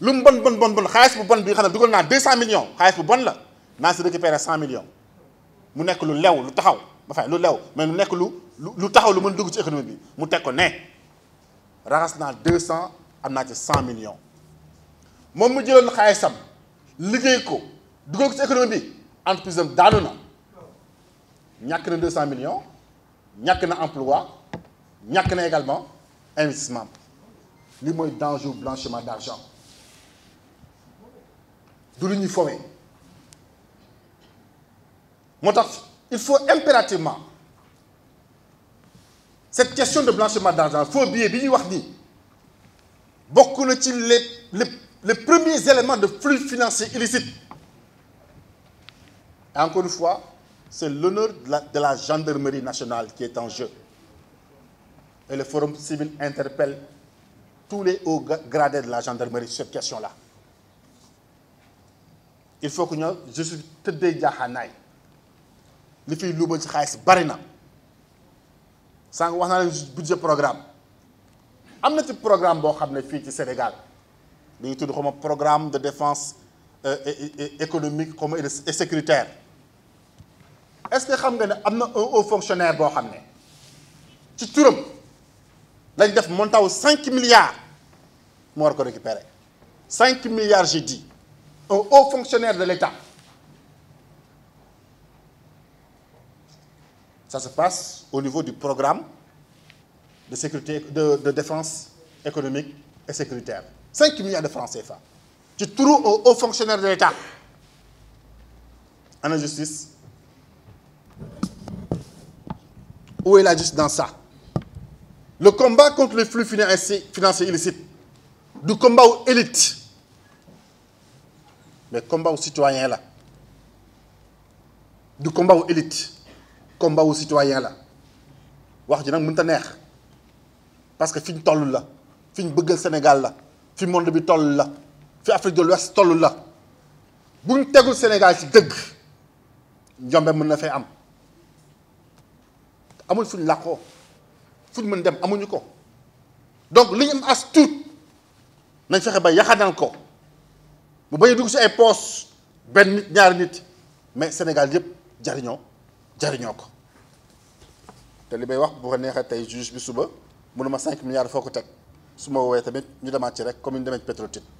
lu bon bon bon bon xaalis bu bon bi nga xam ne dugal 200 millions xaalis bu bon la naa si récupérer 100 millions mu nek lu lew lu taxaw ba fay lu lew mais mu nek lu lu taxaw lu mën dugg ci économie bi mu teg ko ne raxas naa 200 am naa ci 100 millions mom mu jëlone xaalisam liggéey ko dugal ci économie bi entreprise am daanu na ñàkk na 200 millions ñàkk na emploi ñàkk na également investissement li moy danger blanchiment d'argent de l'uniformé. il faut impérativement cette question de blanchiment d'argent il faut bien wax les premiers éléments de flux financiers illicite et encore une fois c'est l'honneur de la gendarmerie nationale qui est en jeu et le forum civil interpelle tous les hauts gradés de la gendarmerie sur cette question-là il faut que je suis très bien. Les filles sont barina. Sans le budget programme. Il y a un programme qui est fait au Sénégal. Il y a un programme de défense euh, économique et sécuritaire. Est-ce que vous savez qu'il y a un haut fonctionnaire qui est fait Tu tournes. Il y a un montant 5 milliards. Je récupérer. 5 milliards, j'ai dit un haut fonctionnaire de l'État. Ça se passe au niveau du programme de, sécurité, de, défense économique et sécuritaire. 5 milliards de francs CFA. Tu trouves un haut fonctionnaire de l'État en injustice. Où est la justice dans ça Le combat contre les flux financiers illicites, du combat aux élites mais combat aux citoyens là du combat aux élites combat aux citoyens là. wax ji nag mënut a neex parce que fi ñu toll la fi ñu bëggal Sénégal la fi monde bi toll la fi Afrique de l'Ouest toll la bu ñu tegul Sénégal ci dëgg njombe mën na fay am amul fu ñu làqoo fu ñu dem amuñu ko donc li ñu am as tuut nañ fexe ba yaxanal ko bu bañ a dugg si ay poos benn nit ñaari nit mais Sénégal yépp jariñoo jariñoo ko te li wax bu ko tay juge bi suba mënuma 5 milliards foko tek. Suma su tamit ñu dama ci rek commune de demee